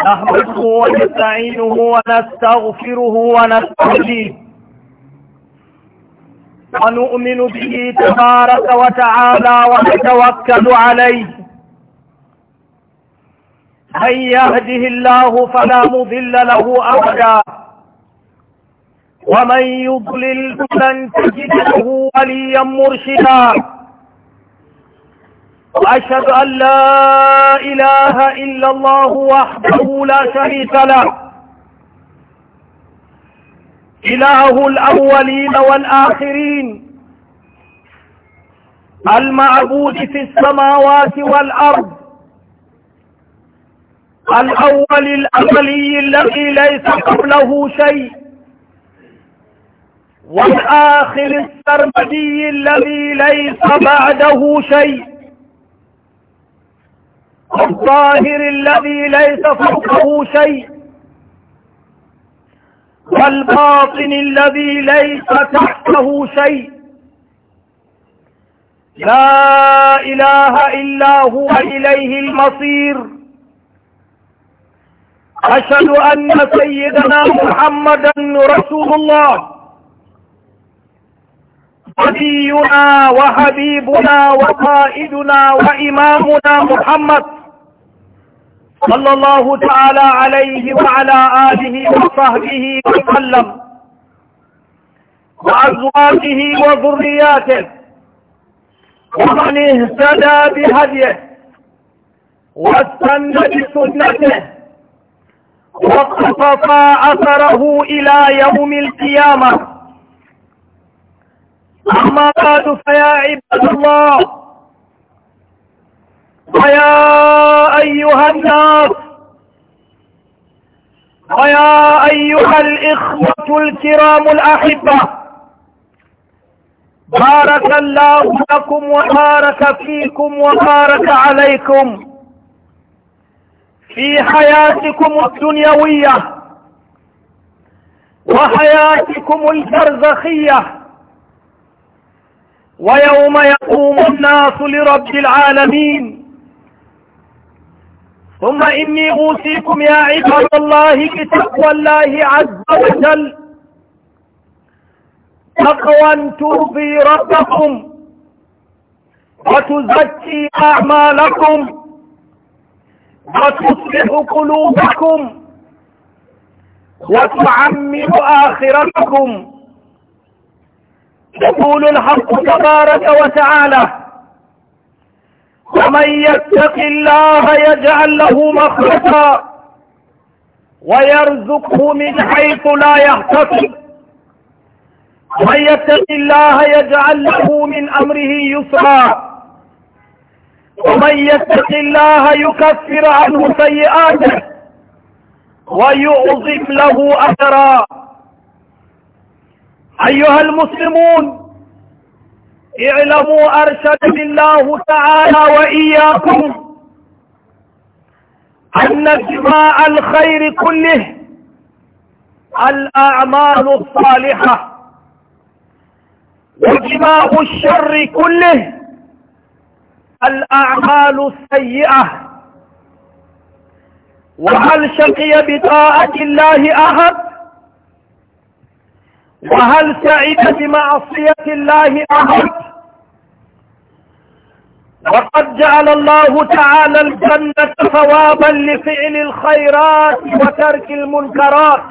نحمده ونستعينه ونستغفره ونستهديه ونؤمن به تبارك وتعالى ونتوكل عليه من يهده الله فلا مضل له أبدا ومن يضلل فلن تجد له وليا مرشدا وأشهد أن لا إله إلا الله وحده لا شريك له إله الأولين والآخرين المعبود في السماوات والأرض الأول الأولي الذي ليس قبله شيء والآخر السرمدي الذي ليس بعده شيء الطاهر الذي ليس فوقه شيء والباطن الذي ليس تحته شيء لا إله إلا هو إليه المصير أشهد أن سيدنا محمدا رسول الله نبينا وحبيبنا وقائدنا وإمامنا محمد صلى الله تعالى عليه وعلى آله وصحبه وسلم وأزواجه وذرياته ومن اهتدى بهديه واستنى بسنته واقتفى أثره إلى يوم القيامة أما بعد فيا عباد الله ويا أيها الناس ويا أيها الإخوة الكرام الأحبة بارك الله لكم وبارك فيكم وبارك عليكم في حياتكم الدنيوية وحياتكم البرزخية ويوم يقوم الناس لرب العالمين ثم إني أوصيكم يا عباد الله بتقوى الله عز وجل تقوى ترضي ربكم وتزكي أعمالكم وتصلح قلوبكم وتعمل آخرتكم يقول الحق تبارك وتعالى ومن يتق الله يجعل له مخرجا ويرزقه من حيث لا يحتسب ومن يتق الله يجعل له من امره يسرا ومن يتق الله يكفر عنه سيئاته ويعظم له اجرا ايها المسلمون اعلموا أرشدني الله تعالى وإياكم أن جماع الخير كله الأعمال الصالحة وجماع الشر كله الأعمال السيئة وهل شقي بطاعة الله أحد وهل سعيد بمعصية الله أحد وقد جعل الله تعالى الجنة ثوابا لفعل الخيرات وترك المنكرات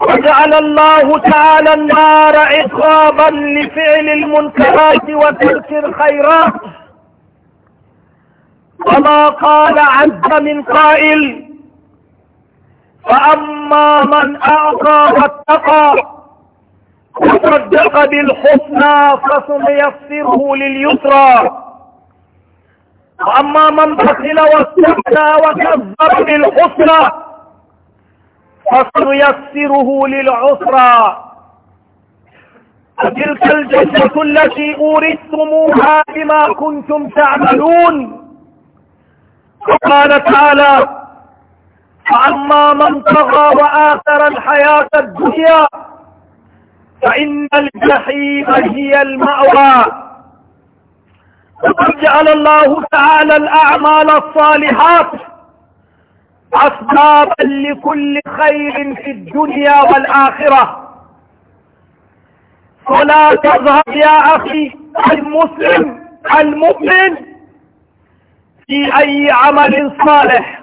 وجعل الله تعالى النار عقابا لفعل المنكرات وترك الخيرات وما قال عز من قائل فأما من أعطى واتقى وصدق بالحسنى فسنيسره لليسرى وأما من بخل واستغنى وكذب بالحسنى فسنيسره للعسرى تلك الجنة التي أورثتموها بما كنتم تعملون وقال تعالى فأما من طغى وآثر الحياة الدنيا فإن الجحيم هي المأوى وقد جعل الله تعالى الأعمال الصالحات أسبابا لكل خير في الدنيا والآخرة فلا تذهب يا أخي المسلم المؤمن في أي عمل صالح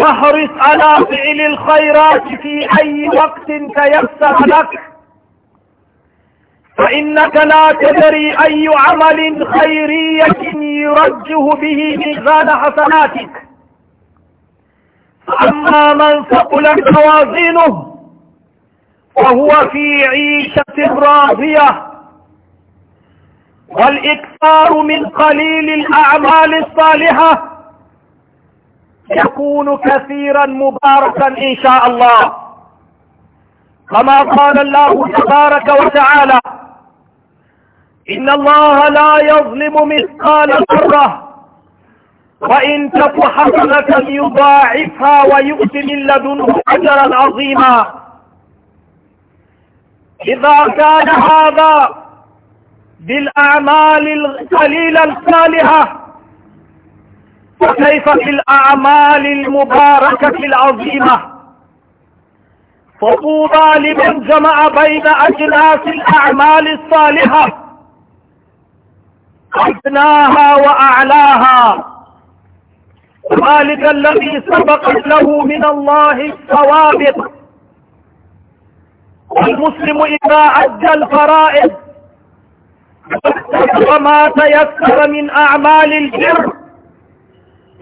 واحرص على فعل الخيرات في أي وقت تيسر لك فإنك لا تدري أي عمل خيرية يرجه به ميزان حسناتك فاما من ثقلت موازينه وهو في عيشة راضية والإكثار من قليل الأعمال الصالحة يكون كثيرا مباركا إن شاء الله كما قال الله تبارك وتعالى إن الله لا يظلم مثقال ذرة وإن تك حسنة يضاعفها ويؤت من لدنه أجرا عظيما إذا كان هذا بالأعمال القليلة الصالحة وكيف في الأعمال المباركة العظيمة فطوبى لمن جمع بين أجناس الأعمال الصالحة أدناها وأعلاها ذلك الذي سبقت له من الله السوابق والمسلم إذا عد الفرائض وما تيسر من أعمال الجر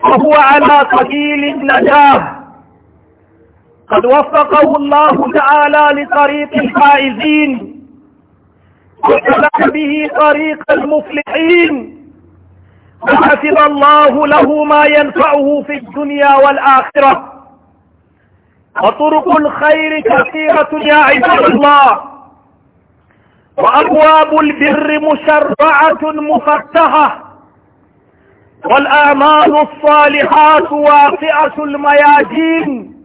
وهو على سبيل النجاح قد وفقه الله تعالى لطريق الفائزين وسلك به طريق المفلحين وحفظ الله له ما ينفعه في الدنيا والآخرة وطرق الخير كثيرة يا عباد الله وأبواب البر مشرعة مفتحة والأعمال الصالحات واقعة الميادين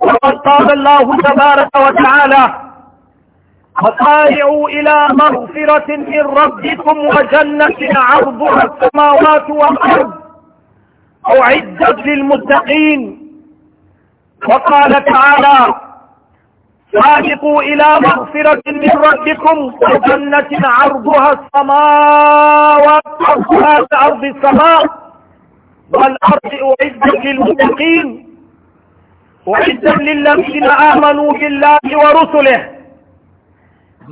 وقد قال الله تبارك وتعالى وسارعوا إلى مغفرة من ربكم وجنة عرضها السماوات والأرض أعدت للمتقين وقال تعالى سابقوا إلى مغفرة من ربكم وجنة عرضها السماوات عرضها أرض السماء والأرض أعدت للمتقين أعدا للذين آمنوا بالله ورسله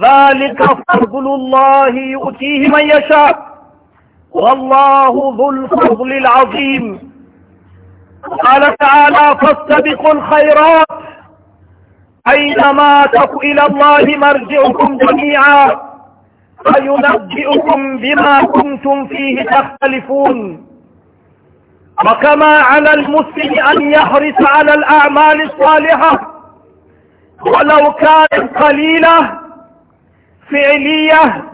ذلك فضل الله يؤتيه من يشاء والله ذو الفضل العظيم قال تعالى فاستبقوا الخيرات أينما تقوا إلى الله مرجعكم جميعا فينبئكم بما كنتم فيه تختلفون وكما على المسلم أن يحرص على الأعمال الصالحة ولو كانت قليلة فعلية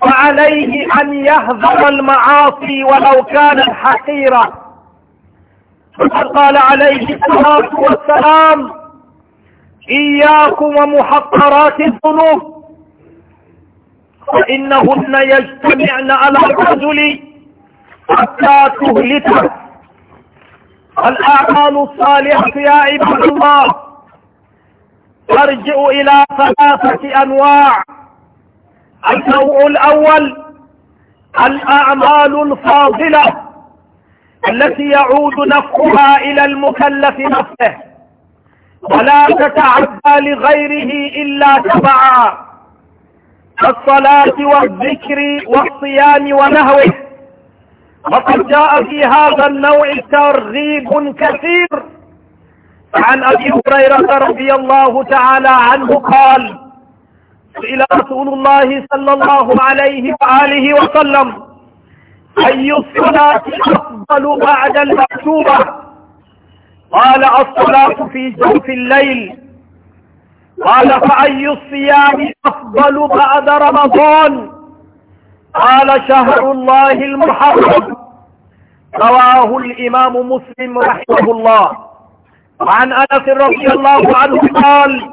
فعليه أن يحذر المعاصي ولو كانت حقيرة فقال قال عليه الصلاة والسلام إياكم ومحقرات الذنوب فإنهن يجتمعن على الرجل حتى تهلكه الأعمال الصالحة يا عباد الله ترجع إلى ثلاثة أنواع النوع الأول الأعمال الفاضلة التي يعود نفعها إلى المكلف نفسه ولا تتعدى لغيره إلا تبعا كالصلاة والذكر والصيام ونهوه وقد جاء في هذا النوع ترغيب كثير عن أبي هريرة رضي الله تعالى عنه قال إلى رسول الله صلى الله عليه وآله وسلم أي الصلاة أفضل بعد المكتوبة قال الصلاة في جوف الليل قال فأي الصيام أفضل بعد رمضان قال شهر الله المحرم رواه الإمام مسلم رحمه الله وعن أنس رضي الله عنه قال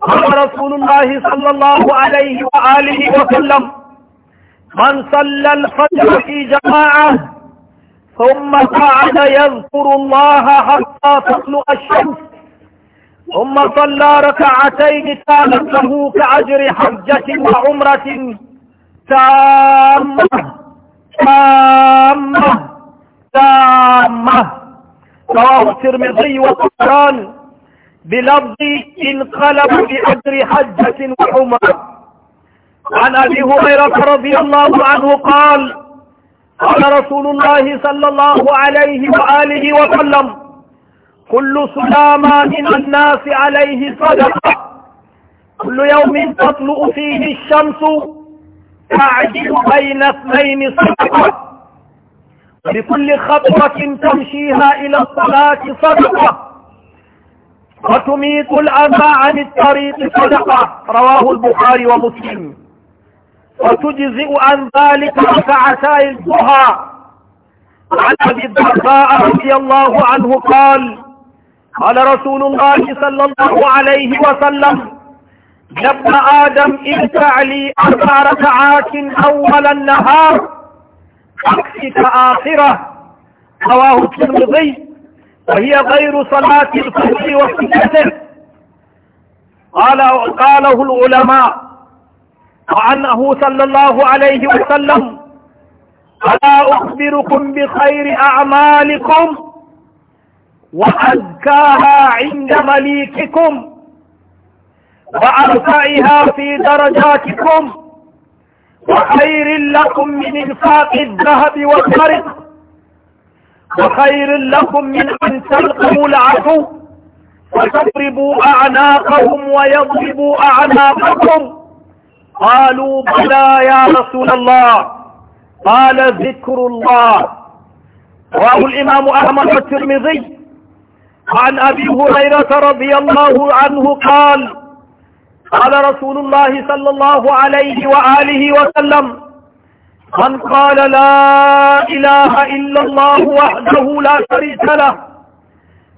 قال رسول الله صلى الله عليه وآله وسلم من صلى الفجر في جماعة ثم قعد يذكر الله حتى تطلع الشمس ثم صلى ركعتين كانت له كأجر حجة وعمرة تامة تامة تامة رواه الترمذي والطبراني بلفظ انقلب بأجر حجة وعمرة عن أبي هريرة رضي الله عنه قال قال رسول الله صلى الله عليه وآله وسلم كل سلامة من الناس عليه صدقة كل يوم تطلع فيه الشمس تعجل بين اثنين صدقة لكل خطوة تمشيها إلى الصلاة صدقة وتميت الأذى عن الطريق صدقة رواه البخاري ومسلم وتجزئ عن ذلك ركعتي الضحى عن ابي الدرداء رضي الله عنه قال قال رسول الله صلى الله عليه وسلم يا ابن ادم ادفع لي اربع ركعات اول النهار اكفك اخره رواه الترمذي وهي غير صلاه الفجر وسنته قال قاله العلماء وعنه صلى الله عليه وسلم ألا أخبركم بخير أعمالكم وأزكاها عند مليككم وأرفعها في درجاتكم وخير لكم من إنفاق الذهب والفرق وخير لكم من أن تلقوا العدو فتضربوا أعناقهم ويضربوا أعناقكم قالوا بلى يا رسول الله قال ذكر الله رواه الإمام أحمد الترمذي عن أبي هريرة رضي الله عنه قال قال رسول الله صلى الله عليه وآله وسلم من قال لا إله إلا الله وحده لا شريك له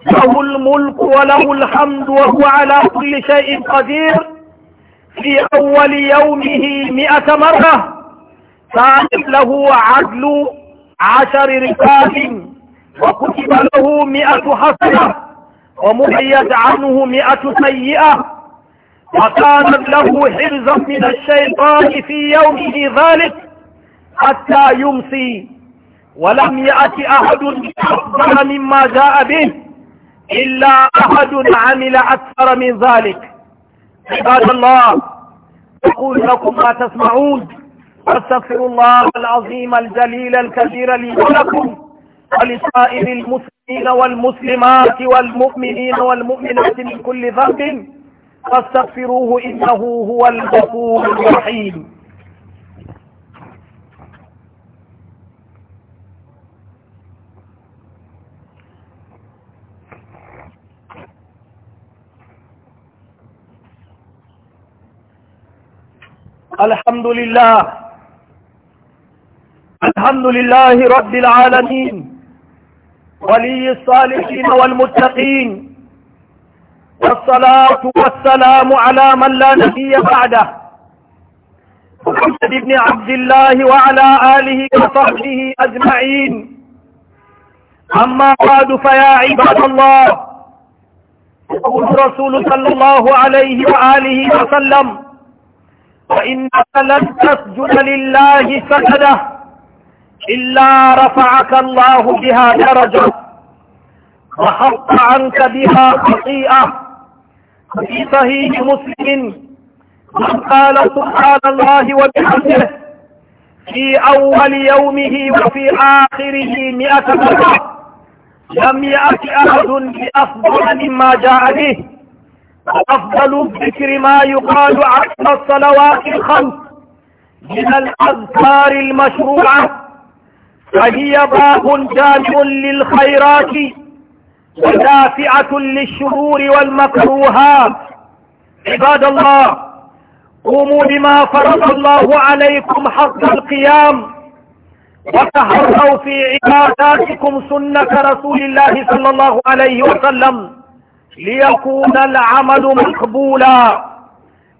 له الملك وله الحمد وهو على كل شيء قدير في أول يومه مئة مرة كانت له عدل عشر ركاب وكتب له مئة حسنة ومحيت عنه مئة سيئة وكانت له حرزة من الشيطان في يومه ذلك حتى يمسي ولم يأت أحد أفضل مما جاء به إلا أحد عمل أكثر من ذلك عباد الله أقول لكم ما تسمعون أستغفر الله العظيم الجليل الكبير لي ولكم ولسائر المسلمين والمسلمات والمؤمنين والمؤمنات من كل ذنب فاستغفروه إنه هو الغفور الرحيم الحمد لله الحمد لله رب العالمين ولي الصالحين والمتقين والصلاة والسلام على من لا نبي بعده محمد بن عبد الله وعلى آله وصحبه أجمعين أما بعد فيا عباد الله يقول رسول صلى الله عليه وآله وسلم وإنك لن تسجد لله سجدة إلا رفعك الله بها درجة وحط عنك بها خطيئة في صحيح مسلم من قال سبحان الله وبحمده في أول يومه وفي آخره مئة مرة لم يأت أحد بأفضل مما جاء به افضل الذكر ما يقال عقب الصلوات الخمس من الأذكار المشروعة فهي باب جامع للخيرات ودافعة للشرور والمكروهات عباد الله قوموا بما فرض الله عليكم حق القيام وتهروا في عباداتكم سنة رسول الله صلى الله عليه وسلم ليكون العمل مقبولا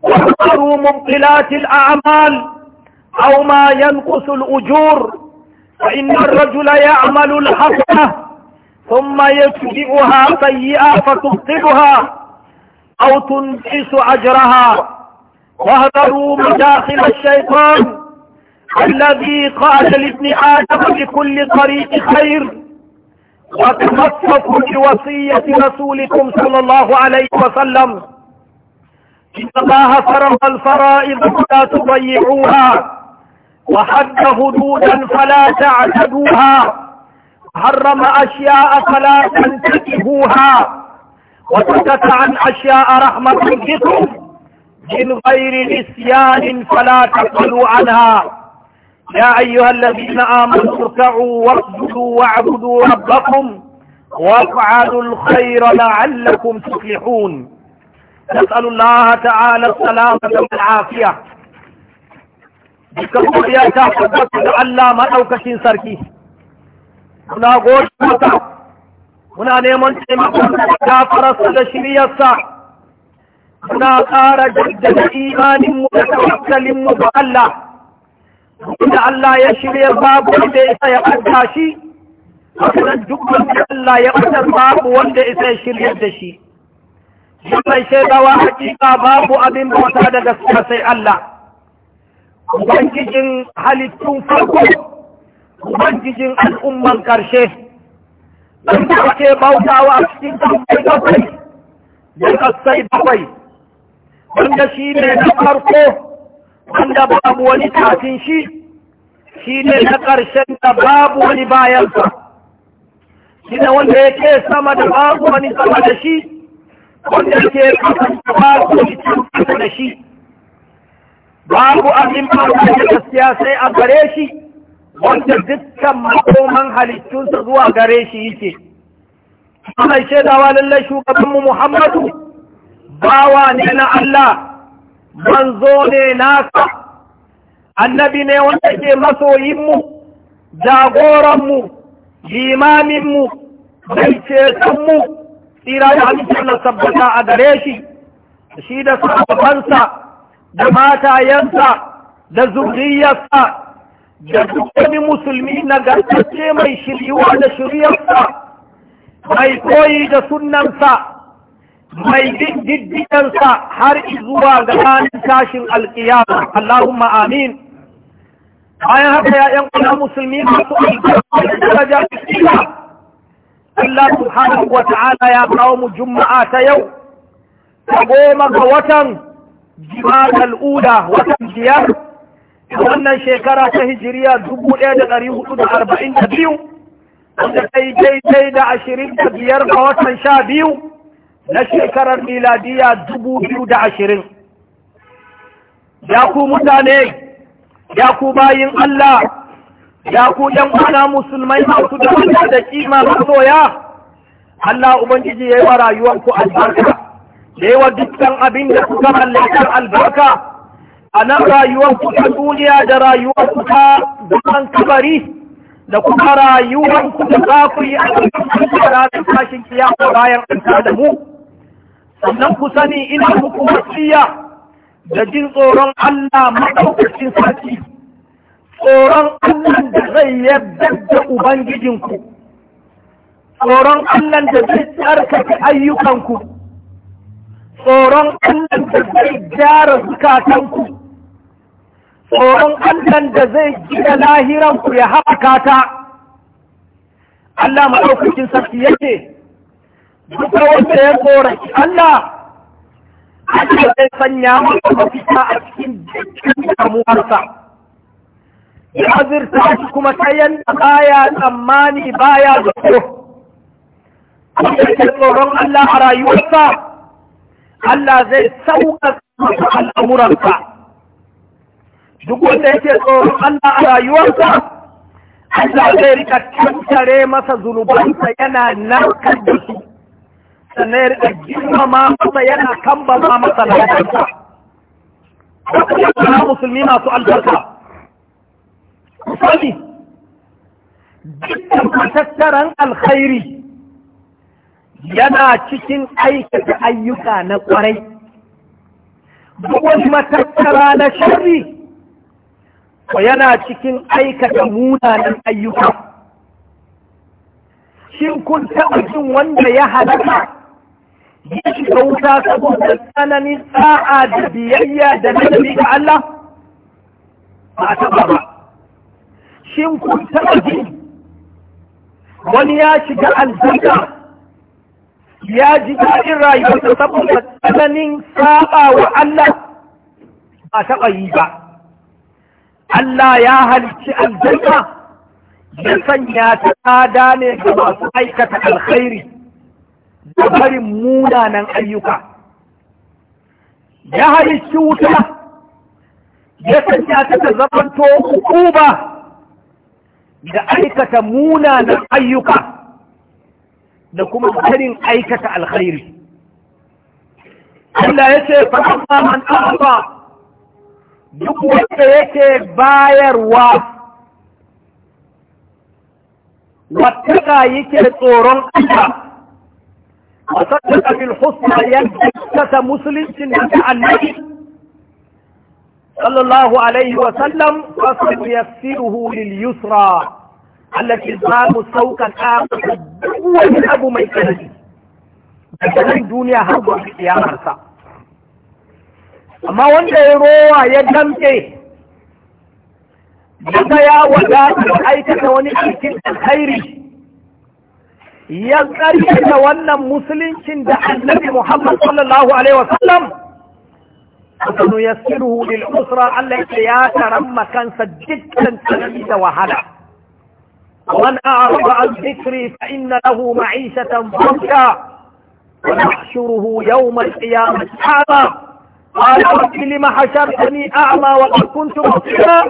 واختاروا مبطلات الأعمال أو ما ينقص الأجور فإن الرجل يعمل الحسنة ثم يتبعها سيئة فتبطلها أو تنقص أجرها واهذروا مداخل الشيطان الذي قال لابن آدم بكل طريق خير وتمسكوا بوصية رسولكم صلى الله عليه وسلم إن الله فرض الفرائض فلا تضيعوها وحد هدودا فلا تعتدوها حرم أشياء فلا تنتهوها وسكت عن أشياء رحمة بكم من غير نسيان فلا تقلوا عنها يا أيها الذين آمنوا اركعوا واسجدوا واعبدوا ربكم وافعلوا الخير لعلكم تفلحون نسأل الله تعالى السلامة والعافية بكبر يا شاهد لألا ما أوكشين سركي هنا غوش مطا هنا نيمان تيمون كافر صلى شريا الصع هنا قارج جد إيمان متوكل مبالا da Allah ya shirya babu wanda isa ya ɓarta shi hakanan duk wanda Allah ya ɓantar babu wanda isa ya shirya da shi shi mai shaidawa hakika babu abin bauta da gaskiya sai Allah ubangijin halittun farko ubangijin al'umman ƙarshe ɗan da ake bautawa a cikin kamfai bakwai da kasai bakwai wanda shi ne na farko wanda babu wani kafin shi shi ne na ƙarshen da babu wani bayansa shi ne wanda ya ke sama da babu wani sama da shi wanda ke kasan da babu wani sama da shi babu abin babu da sai a gare shi wanda dukkan makoman halittunsa zuwa gare shi yake ana shaidawa lallai shugabanmu muhammadu bawa ne na Allah manzo ne nasa. annabi ne wanda ke masoyinmu jagoranmu limaminmu mai cetonmu tsira da halittar sabbata a gare shi shi da sababansa da matayensa da zuriyarsa da dukkanin musulmi na gartacce mai shiryuwa da shiryarsa mai koyi da sunansa mai diddikansa har zuwa ga ranar tashin alkiyama Allahumma amin bayan haka ya yan kula musulmi masu alkiyama daraja kiyama Allah subhanahu wa ta'ala ya kawo mu juma'a ta yau ta goma ga watan jima'a ula watan biyar wannan shekara ta hijiriya dubu ɗaya da ɗari hudu da arba'in da biyu wanda ta yi daidai da ashirin da biyar ga watan sha biyu na shekarar miladiya dubu biyu da ashirin ya ku mutane ya ku bayin Allah ya ku ɗan ana musulmai masu da wanda da kima masoya Allah Ubangiji ya yi wa rayuwarku albarka da yi dukkan abin da kuka mallakar albarka a nan rayuwarku ta duniya da rayuwarku ta zaman kabari da kuma rayuwarku da za ku yi a cikin ranar tashin kiyama bayan an da mu. sannan ku sani ina muku wasiya da jin tsoron Allah maɗaukacin sarki tsoron Allah da zai yarda da ubangijinku tsoron Allah da zai tsarkake ayyukanku tsoron Allah da zai gyara zukatanku tsoron Allah da zai gina lahiranku ya haɓaka ta Allah maɗaukacin sarki yake duka wanda ya korafi Allah Allah zai sanya masa mafita a cikin jikin damuwarsa ya azirta shi kuma ta yanda baya tsammani baya zato Allah ya tsoron Allah a rayuwarsa Allah zai sauka masa al'amuransa duk wanda yake tsoron Allah a rayuwarsa Allah zai rika kankare masa zunubansa yana narkar da su sannan riƙa girmama masa yana kambama masa na yakarsa kuma musulmi masu albarka sani dukkan matattaran alkhairi yana cikin aikata ayyuka na kwarai duk matattara na shari ko yana cikin aikata munanan ayyuka shin kun taɓa jin wanda ya halaka ya shiga wuta saboda tsananin sa'a da biyayya da nazari ga Allah ba a taɓa ba shin kun taɓa ji wani ya shiga aljanna ya ji daɗin rayuwarsa saboda tsananin sa'a wa Allah ba taɓa yi ba. Allah ya halicci aljanna ya sanya ta tsada ne ga masu aikata alkhairi. da barin munanan ayyuka ya halicci wuta ya sanya ta ta zamanto da aikata munanan ayyuka da kuma karin aikata alkhairi Allah ya ce fa'amma man a'ata duk wanda yake bayarwa wattaka yake tsoron Allah وصدق بالحسنى ينكت مسلم سنة النبي صلى الله عليه وسلم فصل يسره لليسرى التي قام السوق الآخر هو أبو ميكاني daga duniya har gobe kiyamarsa amma wanda ya rowa ya damke daga ya wadata aikata wani bikin alkhairi ya karyata wannan musuluncin da annabi Muhammad sallallahu alaihi wasallam sanu yassiruhu lil usra Allah ya taramma kansa dukkan tsanani da wahala ومن أعرض عن ذكري فإن له معيشة ضنكا ونحشره يوم القيامة أعمى قال رب لم حشرتني أعمى وقد كنت بصيرا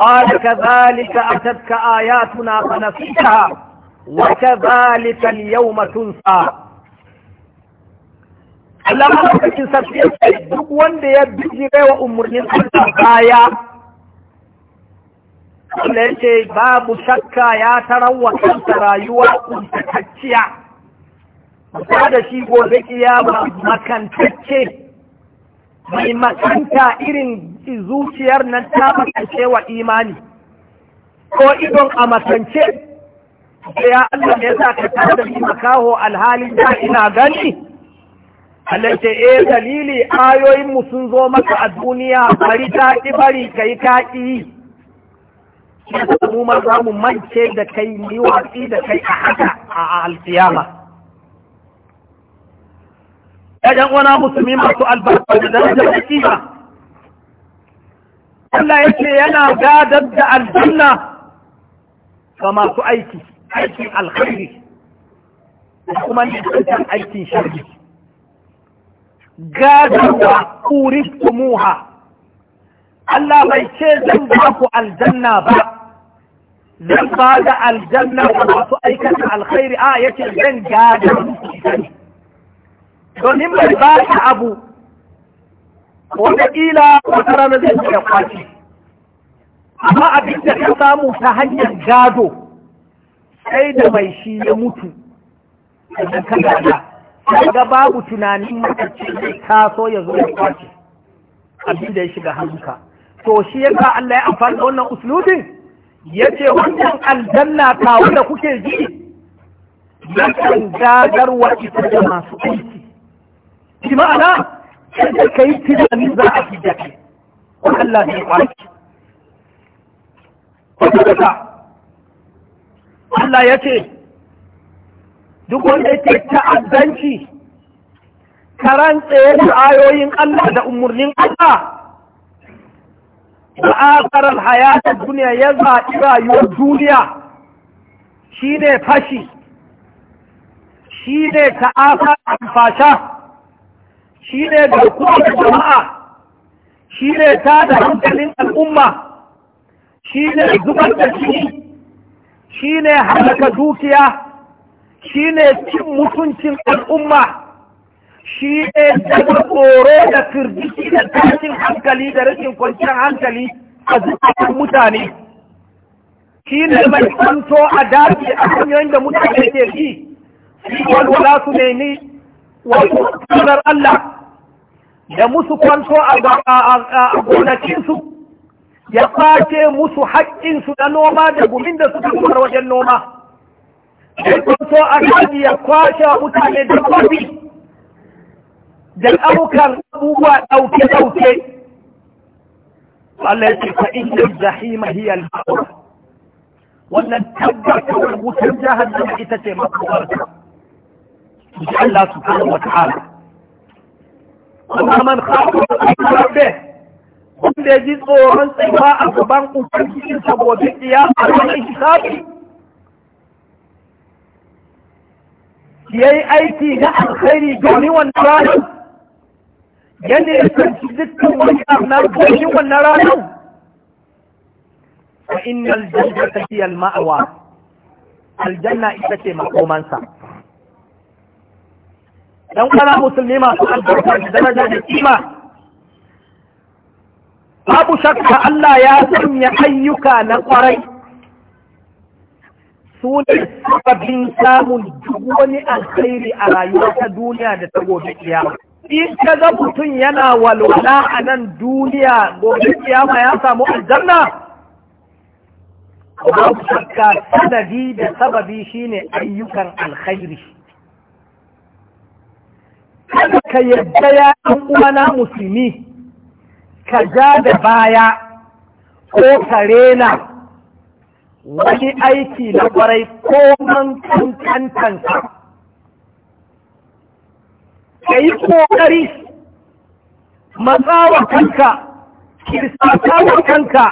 قال كذلك أتتك آياتنا فنسيتها وكذلك اليوم تنسى Allah maɗaukakin sarki ya duk wanda ya bijire wa umarnin Allah baya, Allah ya ce babu shakka ya tarawa kansa rayuwa kuntatacciya, ba da shi gobe kiyama makantacce, mai makanta irin zuciyar nan ta makance wa imani, ko idon a makance. ya Allah ya sa ka tada ni makaho alhalin da ina gani Allah e eh dalili ayoyin mu sun zo maka a duniya bari ta ki bari kai ka ki mu ma za mu mance da kai ni watsi da kai a haka a alkiyama ‘Ya'yan wana musulmi masu albarka da darajar hakika. Allah ya ce yana gadar da aljanna ga masu aiki. aikin alkhairi da kuma nisantar aikin sharri gadarwa kuriftumuha Allah bai ce zan ba ku aljanna ba zan ba da aljanna ga aikata alkhairi a yake zan gada domin bai ba ta abu wataƙila wata rana zai ya kwaci amma abin da ka samu ta hanyar gado sai da mai shi ya mutu sannan ka gada kaga babu tunanin matacce zai taso ya zo ya kwace abin da ya shiga hannunka to shi ya yasa Allah ya amfani da wannan uslubin yace wannan aljanna ta da kuke ji yakan gagarwa ita da masu aiki shi ma'ana da ka yi tunani za a fi da kai wa Allah ya kwace wata da Allah ya ce duk wanda yake ta'addanci karan tsaye da ayoyin Allah da umarnin Allah da akarar hayatar duniya ya zaɓi rayuwar duniya shi ne fashi shi ne ta'asa fasha shi ne da jama'a shi ne ta da hankalin al'umma shi ne zubar da shi shine halaka dukiya shine cin mutuncin al'umma shi ne daga tsoro da firgiki da tashin hankali da rikin kwanciyar hankali a zuciyar mutane shi ne mai kwanto a daji a hanyoyin da mutane ke shi walwala su ne ni wato tsarar Allah da musu kwanto a gonakinsu ya kwace musu haƙƙinsu na noma da gumin da suka kufar wajen noma ya so a kaji ya kwace mutane da kwafi da ɗaukar abubuwa ɗauke-ɗauke Allah ya ce fa inda jahima hiya al-ma'ur wannan tabbatar wutar da ita ce makomarta Allah subhanahu wa ta'ala kuma man khafa rabbe wanda ya ji tsoron tsaifa a gaban cikin sabobin iya a ranar hisabi ya yi aiki na alkhairi domin wannan ranar yadda ya kanci dukkan wani arnar domin wannan ranar wa innal aljanna ta al alma'awa aljanna ita ce makomansa dan kana musulmi masu albarka da daraja da kima babu shakka Allah ya sanya ayyuka na kwarai su ne sababbin samun duk wani alkhairi a rayuwa ta duniya da ta gobe kiyama in ka ga mutum yana walwala a nan duniya gobe kiyama ya samu aljanna babu shakka sanadi da sababi shine ayyukan alkhairi kada ka yadda ya uwana musulmi ka ja da baya ko ka rena wani aiki na kwarai ko man kantansa ka yi ƙoƙari matsawa kanka kirsatawa kanka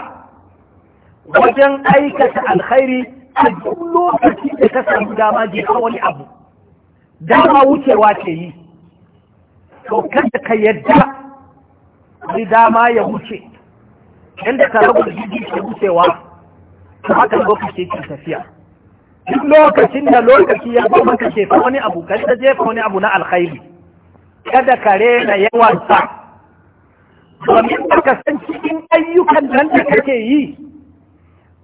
wajen aikata alkhairi a duk lokacin da ka samu dama ji a wani abu dama wucewa ke yi to kada ka yadda ni dama ya wuce inda ka rabu da jirgi ke wucewa ta haka lokaci ke tafiya duk lokacin da lokaci ya ba maka ko wani abu kada jefa wani abu na alkhairi kada ka rena yawan sa domin ka san cikin ayyukan nan da kake yi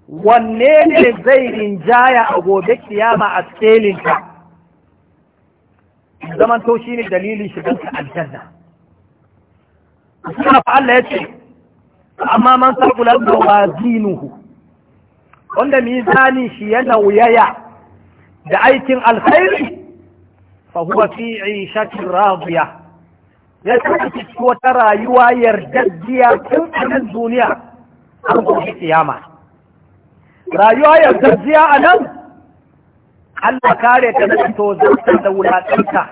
wanne ne zai rinjaya a gobe kiyama a scaling ka zaman to shine dalilin shiganka aljanna suna fa Allah ya ce amma man saqulat mawazinuhu wanda mizani shi ya nauyaya da aikin alkhairi fa fi 'ishatin radiya ya tafi wata rayuwa yardajjiya tun a nan duniya an gobe tsiyama. rayuwa yardajjiya a nan Allah kare ta na zartar da wulaƙanta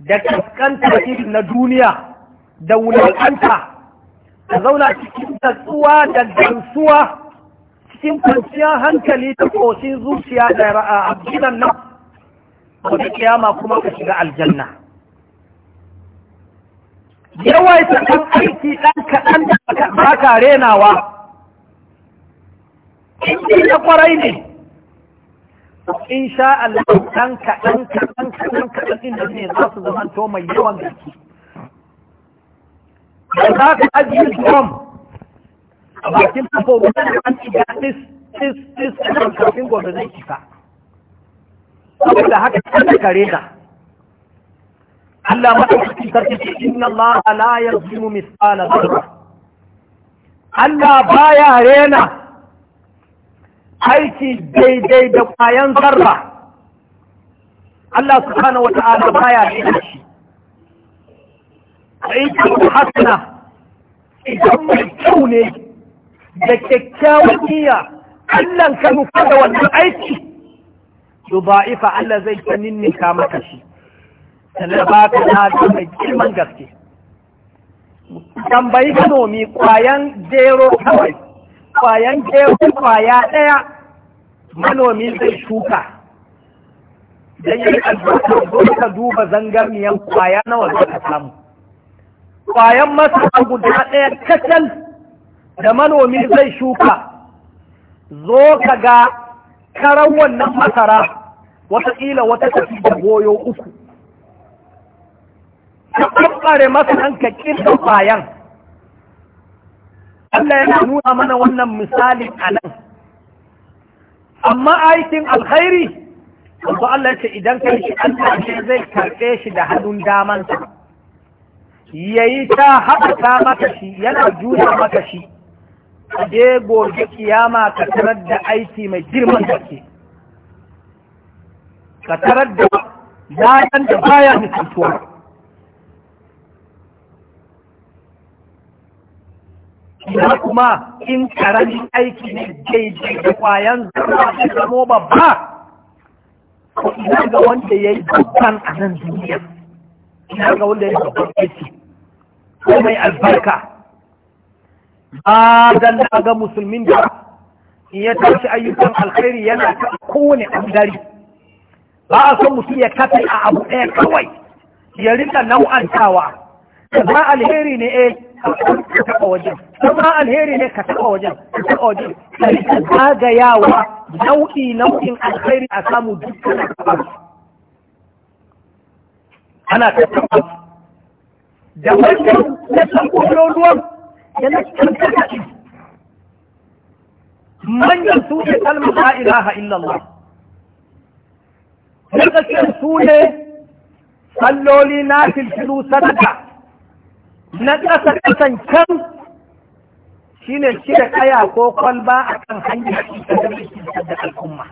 da kaskanta irin na duniya da wulaƙanta ka zauna cikin tatsuwa da gamsuwa cikin kwanciyar hankali da ƙoshin zuciya da ra'a nan wata kiyama kuma ka shiga aljanna yawaita ɗan aiki ɗan kaɗan da ba renawa in na kwarai ne in sha Allah ɗan kaɗan kaɗan kaɗan ɗin da ne za su zama to mai yawan gaske da za ka ajiye drum a bakin kafo wani an shiga tis tis a kan kafin gwamnati zai kika saboda haka kan kare na Allah cikin sarki ce inna Allah la yazlimu misala dharra Allah baya rena aiki daidai da kwayan zarra Allah subhanahu wata'ala baya rena shi aiki kuma hasana idan mai kyau ne da kyakkyawan niyya Allah ka nufa da wannan aiki dubaifa Allah zai ta ninninka maka shi sannan ba ka na mai girman gaske tambayi manomi kwayan jero kawai kwayan jero kwaya ɗaya manomi zai shuka dan yi albarka zo ka duba zangarniyan kwaya nawa za ka samu ƙwayan masara guda ɗaya kacal da manomi zai shuka zo ka ga karan wannan masara watakila wata tafi da goyo uku ka ɓaɓɓare masaran ka ƙirga ƙwayan Allah ya nuna mana wannan misalin a nan amma aikin alkhairi wato Allah ya ce idan yi shi Allah ne zai karɓe shi da hannun damansa yayi ta haɓaka maka shi yana juya maka shi a je gobe kiyama ka tarar da aiki mai girman gaske ka tarar da bayan da baya misaltuwa ina kuma in karami aiki ne daidai da kwayan zama da zamo babba ko ina ga wanda ya yi babban a nan duniya ina ga wanda ya yi babban aiki ko mai albarka Ba zan ga musulmin da in ya tashi ayyukan alkhairi yana ta kowane ɓangare ba a son mutum ya kafe a abu ɗaya kawai ya rika nau'antawa ba alheri ne eh ka taɓa wajen ba alheri ne ka taɓa wajen ka taɓa wajen ka rika zagayawa nau'i nau'in alkhairi a samu dukkan ana tattaɓa da wannan na tankono ruwan da na kankana shi manyan su ne kalmar la ilaha illallah na ƙasar su ne salloli na filfilu sadaka na ƙasa ƙasan can shi ne shida ƙaya ko kwalba a kan hanyar cutar da al'umma.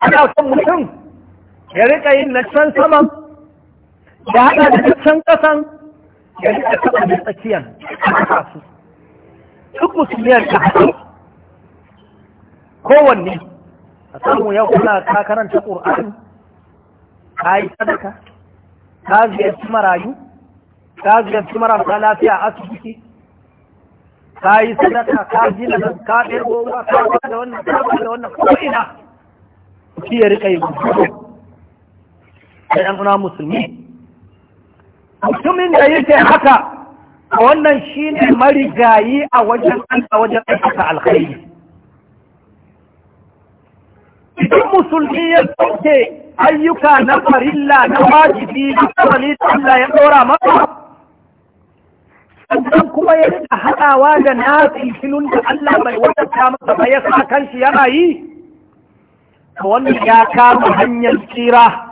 Ana son mutum ya riƙa yin na can saman Da haɗa da dukkan ƙasan ya riƙa taɓa da tsakiyan a su duk musulmiyar ta haɗa kowanne a samu ya kula ka karanta ƙur'ani ka yi sadaka ka ziyarci marayu ka ziyarci marasa lafiya a asibiti ka yi sadaka ka gina nan ka ɗebo ruwa ka ba da wannan ka ba da wannan ko ina shi ya riƙa yi da ɗan uwa musulmi mutumin da yake haka wannan shine marigayi a wajen Allah wajen aikata alkhairi idan musulmi ya sauke ayyuka na farilla na wajibi na kamali Allah ya ɗora maka sannan kuma ya rika haɗawa da nasi filin da Allah mai wadata masa ba ya sa kanshi yana yi wannan ya kama hanyar tsira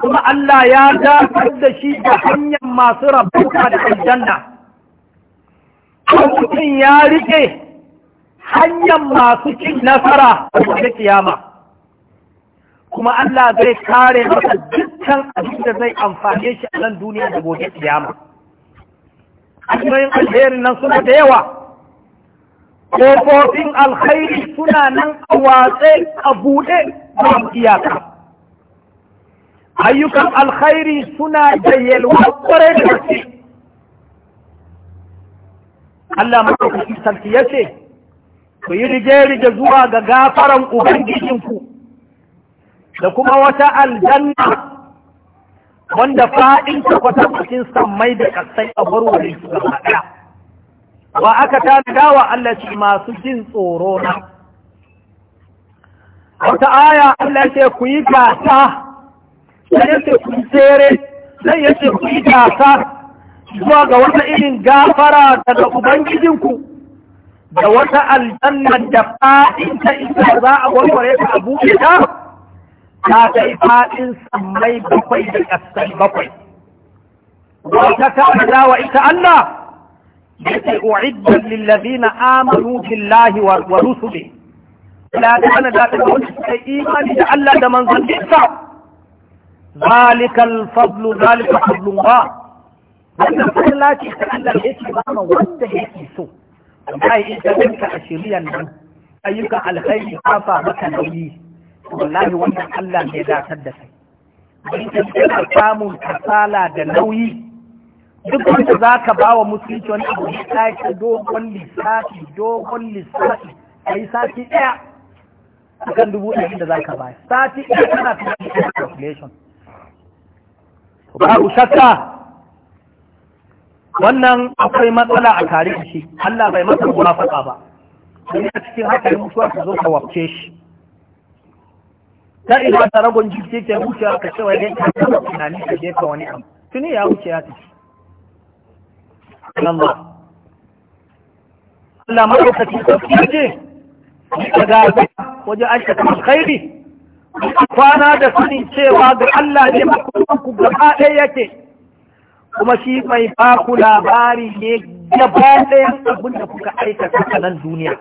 kuma Allah ya dafar da shi ga hanyar masu rabuwa da aljanna mutum ya riƙe hanyar masu cin nasara a wajen kiyama kuma Allah zai kare masa dukkan abin da zai amfane shi a nan duniya da gobe kiyama hanyoyin alherin nan suna da yawa ƙofofin alkhairi suna nan a watse a buɗe ba iyaka ayyukan alkhairi suna da yalwa kware da wasu Allah madaukaki sarki ya ce ku yi rige-rige zuwa ga gafaran ubangijinku da kuma wata aljanna wanda fa'in ta cikin samai da kasai a warware su gaba ɗaya wa aka tanada wa Allah ce masu jin tsoro na wata aya Allah ce ku yi gata sai ya ce tsere sai ya ce ku gasa zuwa ga wata irin gafara daga ubangijinku da wata aljanna da fa'in ta isa za a warware ta abu ita ta kai fa'in sammai bakwai da ƙasai bakwai wata ta adawa ita Allah yake u'iddat lil ladina amanu billahi wa rusulihi la ta'ala da ta wani imani da Allah da manzon sa ذلك الفضل ذلك فضل الله wannan sallaci ta Allah yake ba ma wanda yake so amma in ka danka a shiriyan nan ayyukan alkhairi ka fa maka nauyi wallahi wannan Allah ne zatar da kai in ka kasala da nauyi duk wanda za ka ba wa musulunci wani abu ya sake dogon lissafi dogon lissafi a yi sati ɗaya a kan dubu ɗari da za ka ba sati ɗaya kana tunanin calculation babu shakka wannan akwai matsala a tare shi Allah bai masa munafaka ba sai a cikin haka yi mutuwa ka zo ka wafce shi ta ina ta ragon jirgi ke mutuwa ka wai dai ka kama tunani ka je ka wani abu tuni ya wuce ya tafi Allah ta Allah ni ka fiye wajen aikata ta alkhairi kwana da sanin cewa ga Allah ne makonku gaba ɗaya yake kuma shi mai baku labari ne gaba ɗayan abin da kuka aikata a nan duniya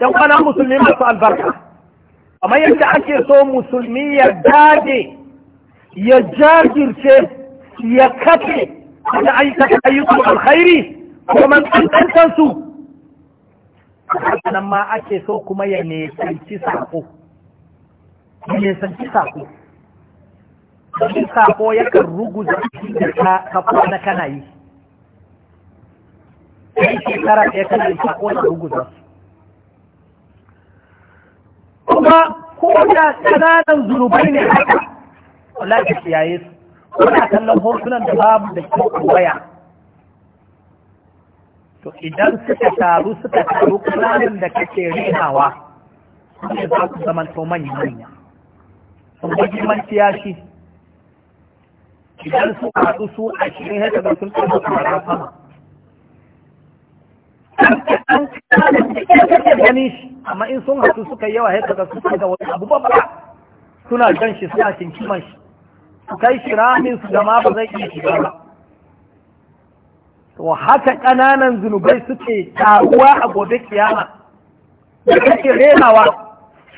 ‘yan kwana musulmi masu albarka amma yadda ake so musulmi ya dage ya jajirce ya kafe da aikata ayyukan alkhairi kuma kankantansu nan ma ake so kuma ya nesanci sako ya nesanci sako domin sako yakan ruguza da kafa na kana yi kai shekara ɗaya kana yi sako da ruguza kuma ko da ƙananan zurubai ne haka wala ki kiyaye su kuna kallon hotunan da babu da kyau waya to idan suka taru suka taru kananan da kake rinawa ne za su zama to manya manya sun ba girman shi. idan su haɗu su a cikin haka da sun taru kamar sama da kake gani shi amma in sun haɗu suka yawa haka da suka ga wani abu ba, suna gan shi suna cinkiman shi su kai shi ramin su gama ba zai iya shiga ba to haka ƙananan zunubai suke taruwa a gobe kiyama da kake renawa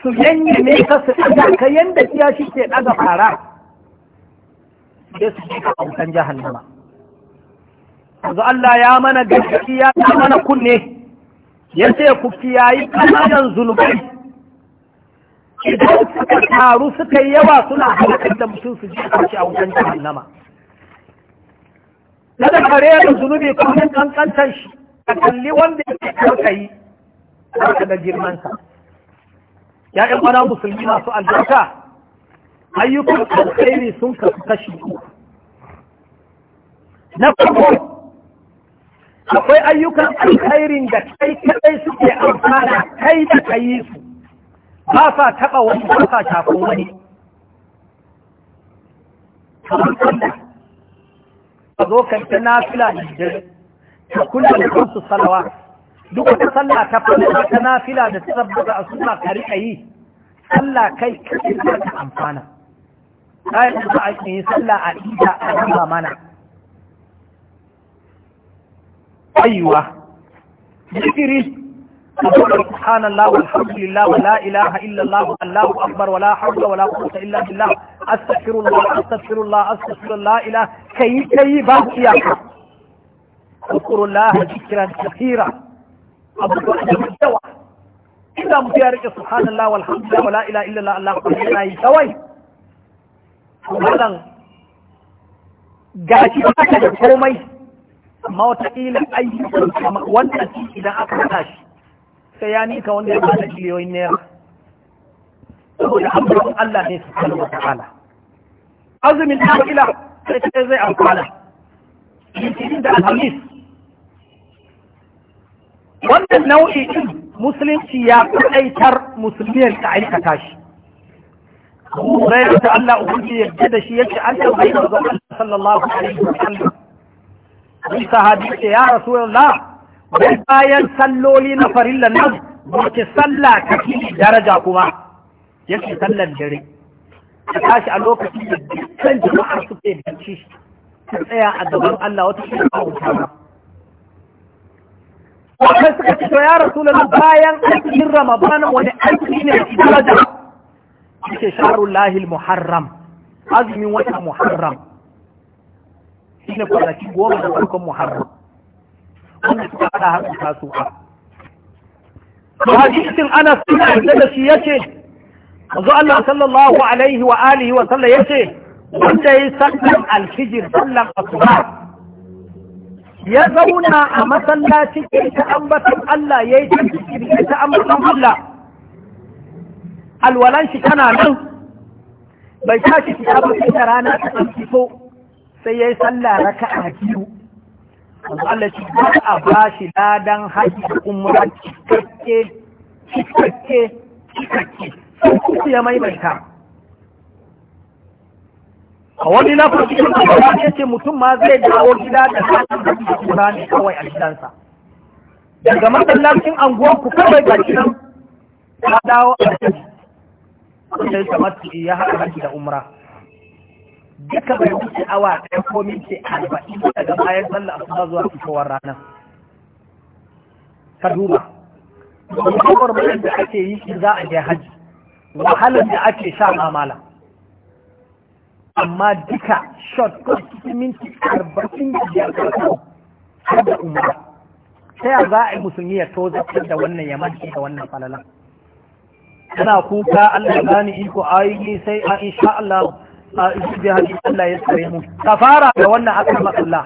su yanyi ne ka su ɗaga ka yanda iya shi ke ɗaga fara sai su ji kautan jahannama yanzu Allah ya mana gaskiya ya ta mana kunne ya ce ku kiyayi ƙananan zunubai idan suka taru suka yi yawa suna halakar da mutum su ji a wutan jahannama kada ka da zunubi kullum kankantar shi ka kalli wanda yake kyauta yi karka da girmansa ya ƴan kwana musulmi masu albarka ayyukan alkhairi sun kasu kashi na farko akwai ayyukan alkhairin da kai kadai suke amfana kai da ka yi su ba sa taɓa wani ba sa shafin wani kamar ka zo ka ta nafila da dare ka kula da kansu salawa duk wata sallah ta fara ta nafila da ta tabbata a sunna ka rika yi sallah kai ka ta amfana kayan da ake yi sallah a ida a rama mana aiwa zikiri سبحان الله والحمد لله ولا إله إلا الله الله أكبر ولا حول ولا قوة إلا بالله أستغفر الله أستغفر الله أستغفر الله إله كي كي باقي اذكر الله ذكرا كثيرا أبو الدواء إذا متيارك سبحان الله والحمد لله ولا إله إلا الله الله أكبر لا يسوي wannan gashi haka da komai amma wataƙila ayyukan wannan idan aka tashi sai ya nika wanda ya bada biliyoyin naira saboda abubuwan Allah ne su kalla wa ta'ala azumin ta'ila sai ta zai amfana litinin da alhamis wannan nau'i din musulunci ya kaitar musulmiyar ta aikata shi Hurairu ta Allah ya yadda da shi yake an tambayi manzon Allah sallallahu alaihi wa sallam. Wani sahabi ce ya Rasulullah dan bayan salloli na farillan nan ke sallah ta fi daraja kuma yaki sallar dare ka tashi a lokacin da dukkan jama'a suke shi. ka tsaya a gaban Allah wata shi a wuta ba Wakai suka ce, Ya Rasulullah bayan aikin Ramadana wani aiki ne a daraja yake sharu lahil muharram azumin wata muharram shi ne kwanaki goma da farkon muharram wannan suka faɗa har ta su ba hadisin Anas bin Malik da shi ya ce. manzo Allah sallallahu alaihi wa alihi wa sallam yace wanda yi sallan alfijir sallan asuba ya zauna a masallaci ya ta ambatan Allah ya yi tasiri ya ta ambatan Allah alwalan shi tana nan bai tashi fita ba sai da rana ta fito sai ya yi sallah raka'a biyu Allah shi ba a ba shi ladan haji da umra cikakke cikakke cikakke sai kuma ya maimaita a wani na lafafi ya ce mutum ma zai dawo gida da sa'adar da ke kura ne kawai a gidansa daga masallacin anguwar ku kawai ga nan, ya dawo a gidan sai samatu ya haɗa haji da umra duka bai wuce awa ɗaya ko minti arba'in daga bayan sallah asuba zuwa fitowar rana ka duba gwagwarmayar da ake yi shi za a je hajji wahalar da ake sha mamala amma duka shot ko cikin minti arba'in da biyar kawo. har da umar ta yaya za a yi musulmi ya tozartar da wannan ya ke da wannan falala ana kuka Allah ya bani iko ayi sai a insha Allah a jihadi Allah ya tsare mu ka fara da wannan akan matsala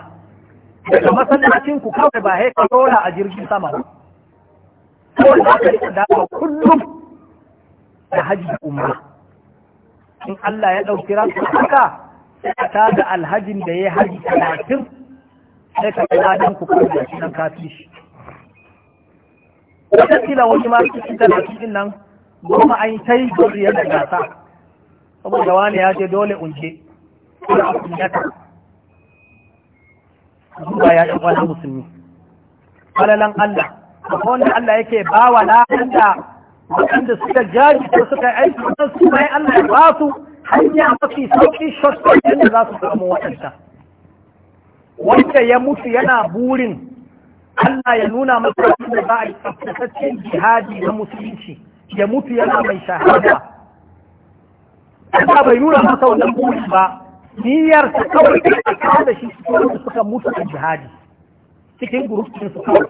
daga masallacin ku kawai ba haika rola a jirgin sama ba kawai za ka rika kullum da hajji umra in Allah ya ɗauki ranka haka ta da alhajin da ya haji talatin sai ka kira dan ku kawai da shi nan kafi shi wata kila wani ma cikin talatin nan goma an yi ta yi yadda gasa saboda wani ya ce dole unje kuma a kunyata zuwa ya ɗan wani musulmi falalan Allah akwai wanda Allah yake ba wa da waɗanda suka jari ko suka yi aiki ko su bai Allah ya ba su hanya mafi sauƙi shortcut yadda za su samu waɗanta wanda ya mutu yana burin Allah ya nuna masa wanda za a yi tsaftataccen jihadi na musulunci ya mutu yana mai shahada Allah bai nuna masa wannan buri ba niyyar ta kawai ta kawo da shi su suka mutu a jihadi cikin gurufin su kawai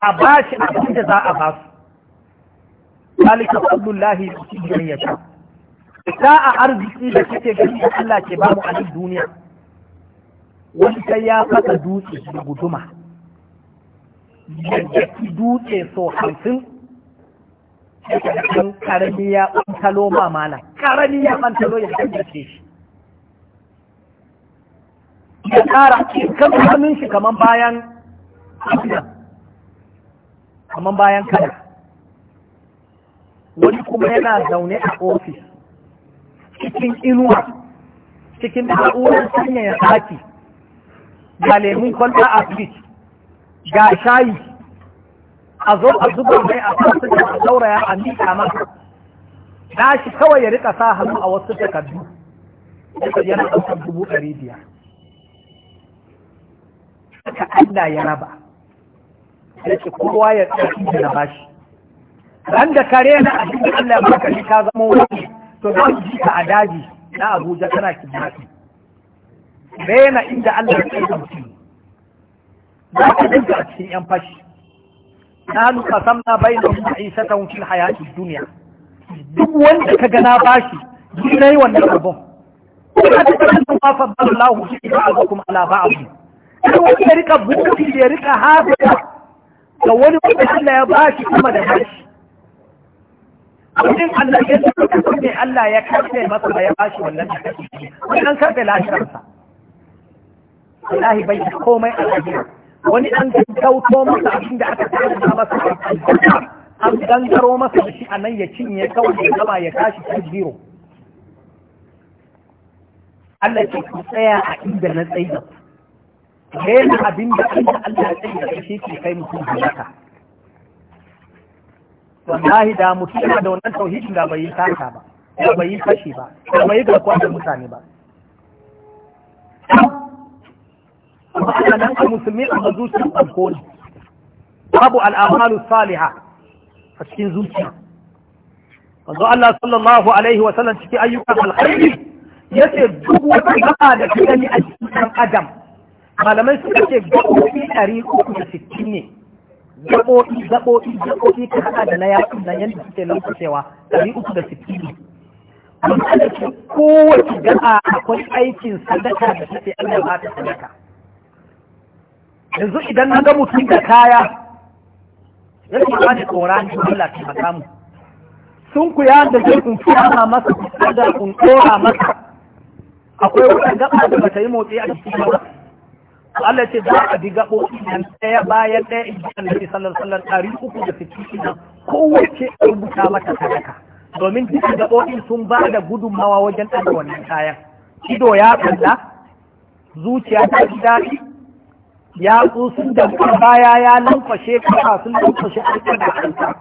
a ba shi abin da za a ba su zalika fadlullahi yuti man yasha ta a arziki da kike gani da Allah ke ba mu a duniya wani kai ya fasa dutse da guduma yadda ki dutse so hamsin sai ka ga karami ya loma mamala karami ya manta ya haddace shi ya kara kan hannun shi kaman bayan kaman bayan kada wani kuma yana zaune a ofis cikin inuwa cikin na'urar sanya ya saki ga lemun kwanta a fit ga shayi a zo a zuba mai a kasu da a sauraya a masa ɗashi kawai ya rika sa hannu a wasu takardu yana ɗaukar dubu ɗari biyar haka Allah ya raba ya ce kowa ya ɗauki da na bashi ran da kare na abin da Allah ya baka shi ka zama wani to za ku ji ka a daji na Abuja kana kidnapping rena inda Allah ya tsaki mutum Na ka dinga a cikin yan fashi na nuka samna bainahum ma'isatan fil hayati duniya. duk wanda ka gana bashi shi na yi wannan abin kuma da kan sun fafa ballahu shi ba a kuma ala ba abu Ɗan wani ya rika buɗe ya rika hafiya ga wani wanda Allah ya bashi kuma da bashi abin Allah ya da kuma ne Allah ya karɓe masa da ya bashi wannan da kake wani an kafe lashirarsa Allahi bai komai a wani an gaggauto masa abin da aka karɓe masa a an gangaro masa da shi a nan ya cinye kawai ya gaba ya tashi ta biro Allah ce ku tsaya a inda na tsaye da ku daina abin da inda Allah ya tsaye da shi ke kai mutum halaka wallahi da mutum yana da wannan tauhidin da bai yi saka ba da bai yi fashi ba da bai yi garkuwa da mutane ba Ba a nan a musulmi a zuciyar alkoli babu al'amalu salihah a cikin zuciya Wanzu Allah sallallahu alaihi wa sallam cikin ayyukan ya ce duk wata gaba da ka gani a cikin ɗan adam malamai suka ce gaɓoɓi ɗari uku da sittin ne gaɓoɓi gaɓoɓi gaɓoɓi ta haɗa da na yaƙi na yadda suke lantarkewa ɗari uku da sittin ne misali ce kowace gaba akwai aikin sadaka da take Allah ba ta sadaka yanzu idan na ga mutum da kaya yana ba da tsoron Allah ta maka mu sun ku ya da zai in kiyama masa da kun tsora masa akwai wata gaba da bata yi motsi a cikin ba Allah ce za a bi gaɓoɓi nan ɗaya bayan ɗaya in ji annabi sallallahu sallar sallar ɗari uku da fifty nan kowace a rubuta mata sadaka domin duk gaɓoɓin sun ba da gudunmawa wajen ɗaga wannan kayan ido ya kalla zuciya ta ji daɗi ya sun da baya ya lankwashe kafa sun lankwashe aikin da kanta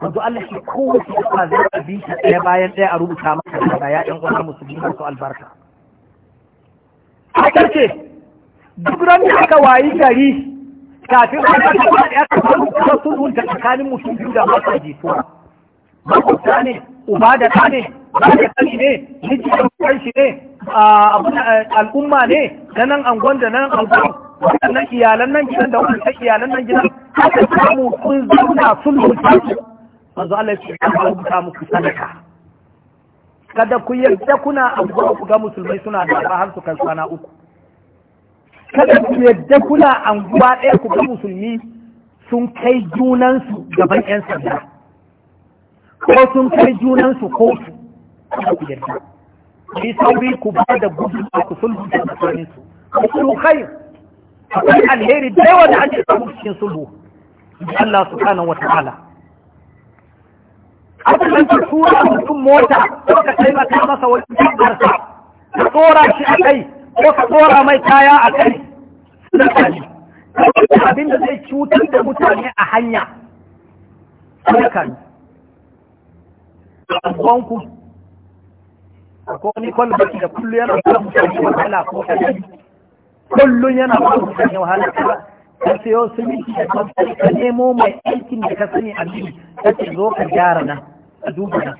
wanzu Allah shi kowace da zai abin shi ɗaya bayan ɗaya a rubuta masa da ya ɗan uwan musulmi masu albarka a ƙarshe duk ranar da aka wayi gari kafin a kasa kwaɗi aka samu kuma sun da tsakanin mutum biyu da masu jituwa makwabta ne uba da ta ne ba da ƙani ne miji da kwan shi ne Eh, al'umma ne na nan angon da nan angon waɗannan iyalan nan gidan da kai iyalan nan gidan haka samu sun zauna sun huta su manzo Allah ya ce samu ku sadaka kada ku yarda kuna angon ku ga musulmai suna da har su kan sana uku kada ku yarda kuna anguwa ɗaya ku ga musulmi sun kai junansu gaban 'yan sanda ko sun kai junansu kotu kada ku yarda yi sauri ku ba da gudu a ku sulhu da tsakanin su ku sulhu kai akwai alheri da yawa da ake samu cikin sulhu da Allah subhanahu wa ta'ala abin da tura mutum mota ko ka taimaka masa wajen tabbarsa ka tsora shi a kai ko ka tsora mai kaya a kai suna kani abin da zai cutar da mutane a hanya suna kani a ku ko wani kwalbaki da kullum yana ba mutane wahala ko kaji kullum yana ba mutane wahala ka sayo siminti da kamfani ka nemo mai aikin da ka sani a biyu ka ce zo ka gyara nan a duba nan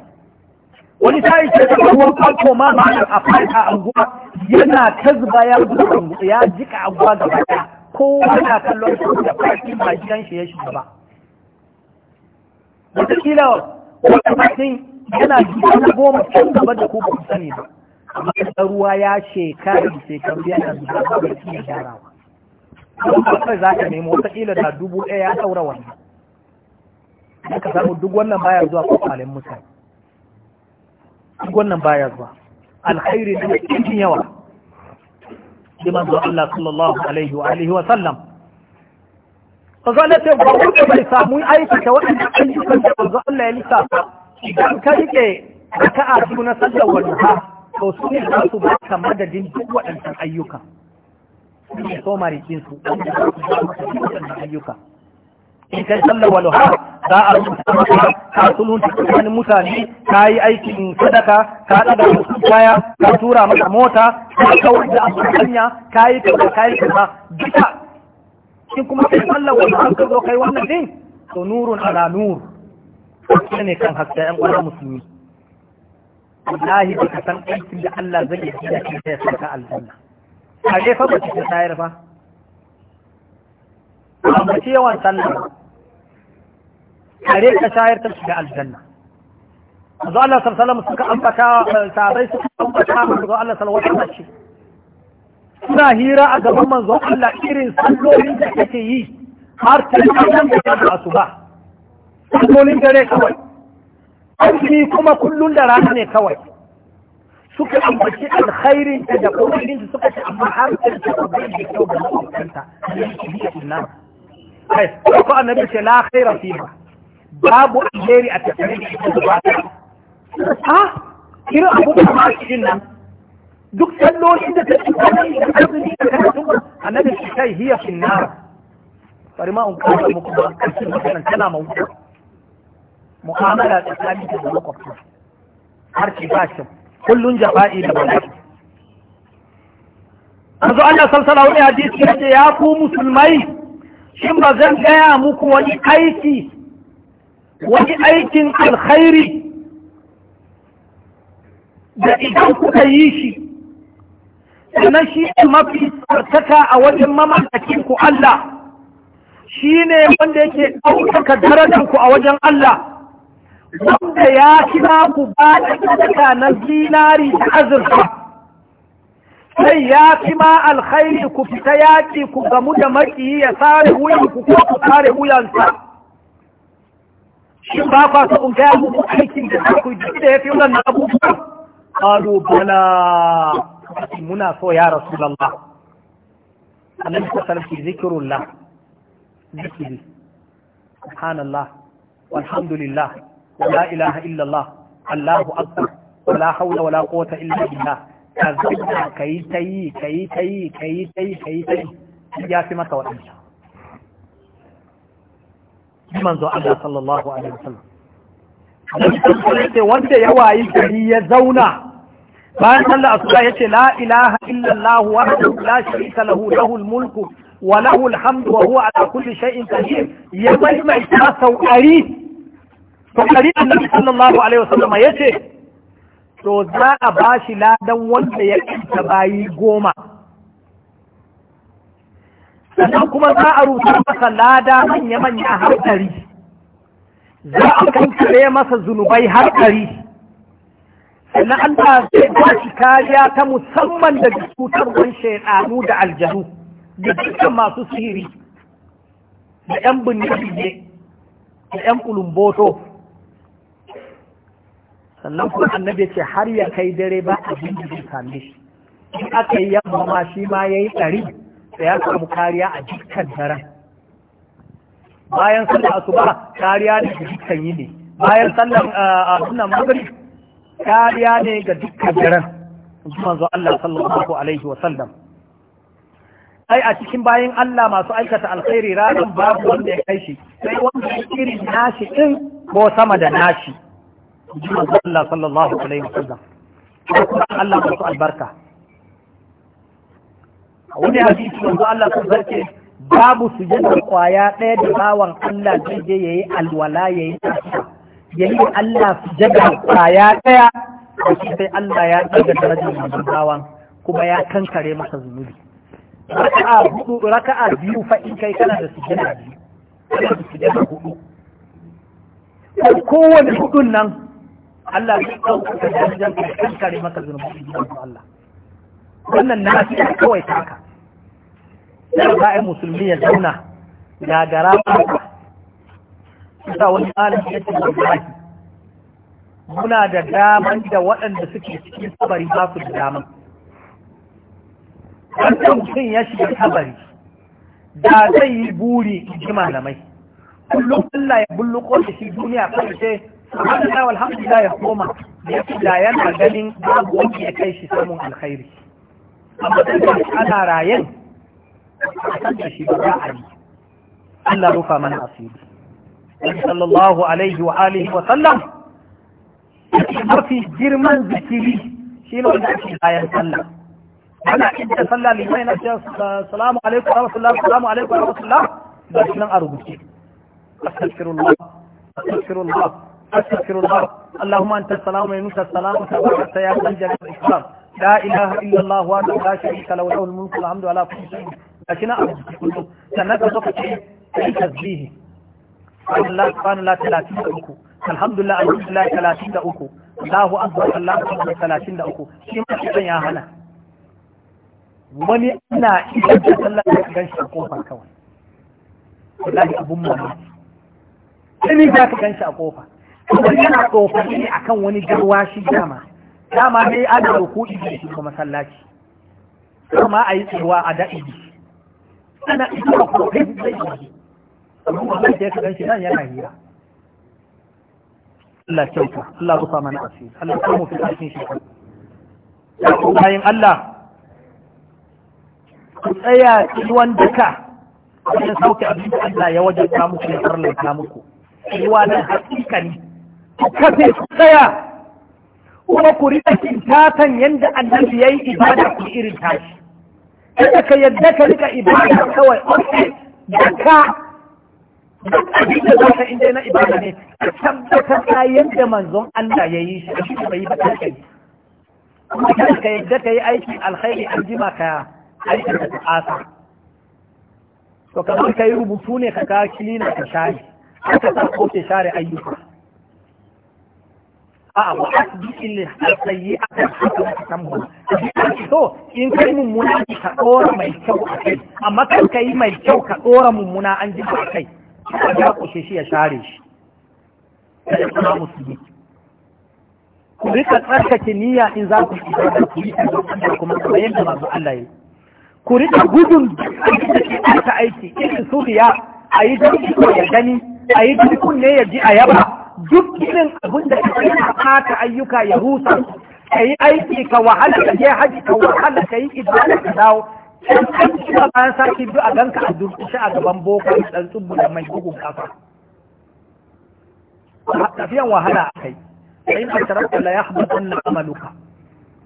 wani ta yi ce ta ruwan kwanko ma ma'anar a fata anguwa yana ta zuba ya zuba ya jika anguwa gaba ɗaya kowa na kallon su da fatin ba gidan shi ya shiga ba Wata kila wata fatin yana jikin goma can gaba da kuma ba ku sani ba amma ruwa ya shekara shekaru yana zuwa ba da iya gyarawa kuma za ka nemo wataƙila da dubu ɗaya ya ɗaura wannan ka samu duk wannan baya zuwa kwakwalin mutane duk wannan baya zuwa alkhairi da cikin yawa bi manzo Allah sallallahu alaihi wa alihi wa sallam kaga ce ba wanda bai samu aikata waɗannan da idan ka rike a su na sallar wadda to su ne za su baka madadin duk waɗancan ayyuka ne so marikin su waɗannan ayyuka in kai sallar walha za a rubuta maka ka sulunta wani mutane ka yi aikin sadaka ka ɗaga wasu kaya ka tura maka mota ka kawar da abu hanya ka yi kaza ka yi kaza duka in kuma kai sallar walha ka zo kai wannan din to nurun ala nur kuma ne kan hakka ƴan uwan musulmi wallahi ba ka san aikin da Allah zai yi da shi ya saka aljanna a dai fa ba ki tsayar ba amma ci yawan sallah kare ka shayar ta shiga aljanna manzo Allah sallallahu alaihi wasallam suka ambata eh, sahabbai suka ambata manzo Allah sallallahu alaihi wasallam suna hira a gaban manzo Allah irin sallolin da kake yi har ta yi da su ba. Kullun dare kawai aiki kuma kullun da rana ne kawai suka ambaci alkhairin da da kullum su suka ce amma har da ta bai da kyau ga mutunta na kai ko annabi ce la khaira fiha babu alheri a tafiye da ita ba ha kira abu da ma cikin nan duk sallolin da ta cikin da azumi da karatu annabi ce kai hiya finnar bari ma un kama muku ba kashi wannan tana mawuta mu'amala tsakanin da makwabta har ki ba shi kullun jafa'i da bala'i yanzu Allah sallallahu alaihi hadisi ya ya ku musulmai shin ba zan gaya muku wani aiki wani aikin alkhairi da idan kuka yi shi sannan shi ne mafi tsarkaka a wajen mamakin ku Allah shi ne wanda yake ɗaukaka darajar ku a wajen Allah wanda ya kira ku ba da sadaka na zinari da azurfa sai ya fi ma alkhairi ku fita yaƙi ku gamu da maƙiyi ya sare wuyan ku ko ku sare wuyansa shin ba kwa so in gaya muku aikin da za ku duk da ya fi wannan abubuwan qalu bala muna so ya rasulullah annabi sallallahu alaihi zikrullah zikiri subhanallah walhamdulillah la ilaha illallah Allahu akbar wala haula wala quwwata illa billah ka zauna kai tayi kai tayi kai tayi kai tayi ya fi maka waɗansa manzo Allah sallallahu alaihi wasallam wanda ya wayi gari ya zauna bayan sallar asuba yace la ilaha illallah wahdahu la sharika lahu lahul mulku wa lahul hamdu wa huwa ala kulli shay'in qadir ya maimaita mai ta to a kari annabi sallallahu alaihi wasallam ya ce to za a ba shi ladan wanda ya kanta bayi goma sannan kuma za a rusa masa lada manya-manya har ɗari za a kankare masa zunubai har ɗari sannan Allah zai ba shi kariya ta musamman da daga cutarwar shaidanu da aljanu da dukkan masu sihiri da 'yan binne da 'yan ƙulumboto sannan kuma annabi ce har ya kai dare ba abin da zai same shi in aka yi yamma ma shi ma ya yi ɗari da ya samu kariya a dukkan daren bayan sallar ba kariya ne ga dukkan yini bayan sallar sunan magrib kariya ne ga dukkan daren manzo Allah sallallahu alaihi wa sallam ai a cikin bayan Allah masu aikata alkhairi ranar babu wanda ya kai shi sai wanda ya irin nashi din ko sama da nashi jima Allah sallallahu alaihi wasallam alquran Allah masu albarka wani hadisi wanzu Allah sun zarke babu su jin kwaya ɗaya da bawan Allah zai je yi alwala ya yayi tafiya yayi Allah su jaga kwaya ɗaya da shi sai Allah ya daga darajar masu bawan kuma ya kankare masa zunubi raka'a hudu raka'a biyu fa in kai kana da sujjada biyu kana da sujjada hudu kowane hudun nan Allah zai ka da ka kan kare maka zunubi da Allah wannan na fi kawai taka ya ba a musulmi ya zauna gara ba sa wani malam ya ce wallahi muna da daman da waɗanda suke cikin kabari ba su da daman wannan mutum ya shiga kabari da zai yi buri in ji malamai kullum Allah ya bulluko da shi duniya kawai sai سبحان الله والحمد لله يا لا يحكم لا ينفع بل باب وجه كي يسمون الخير اما تنجح على رايين تنجح بلا علي الا رفع من اصيب صلى الله عليه واله وسلم في جرمان بكري شنو ذاك لا ينسلم أنا إنت صلى لي نفسي السلام عليكم ورحمة الله السلام عليكم ورحمة الله بس لن أرغب أستغفر الله أستغفر الله أستغفر الله اللهم أنت السلام ومنك السلام تبارك يا من جل الإسلام لا إله إلا الله وحده لا شريك له له الملك والحمد على كل شيء لكن أعبد كله سنك زفت أي تسبيه الله سبحانه لا ثلاثين أكو الحمد لله الحمد لله ثلاثين أكو الله أكبر الله أكبر ثلاثين أكو شيء ما يا هنا wani ana iya da sallah da gan shi a kofa kawai wallahi abun mamaki sai ni za ka gan shi a kofa kuma yana tsofaffi a kan wani shi dama dama a da roku ibi shi kuma masallaci kuma a yi tsirwa a da ibi ana ita ko kai zai yi amma ba sai ka dan shi nan yana hira Allah kyauta Allah rufa mana asiri Allah ya mu fi cikin shi bayan Allah ku tsaya ruwan duka wajen sauke abin da Allah ya wajen muku ya farlanta muku ruwa na hakika ne kafe tsaya kuma ku riƙa kintatan yadda annabi ya yi ibada ku irin tashi kada ka yadda ka riƙa ibada kawai ofis da ka duk da inda na ibada ne ka tabbatar ka yadda manzon Allah ya yi shi shi bai ba kai kada ka yadda ka yi aikin alkhairi an jima ka aikin da asa to kamar ka yi rubutu ne ka ka kilina ka shari aka sa ko ke share ayyuka a wa asbiqil sayyi'atan hasanatan tamhu so in kai mummuna ka ɗora mai kyau a kai amma kan kai mai kyau ka ɗora mummuna an ji a kai ka ga kushe shi ya share shi Ya kuma musulmi ku rika tsarkake niyya in za ku yi da ku yi da kuma kamar yadda manzo Allah ya ku rika gudun da ke aiki irin suriya. a yi don ya gani a yi don ne ya ji a yaba duk irin abin da kake fata ayyuka ya rusa ka aiki ka wahala ka je haji ka wahala ka yi ibada ka dawo can an kira bayan sati biyu a ganka a durkushe a gaban boko dan tsubu da mai bugun kafa tafiyan wahala a kai sai ka tarakta la yahbatanna amaluka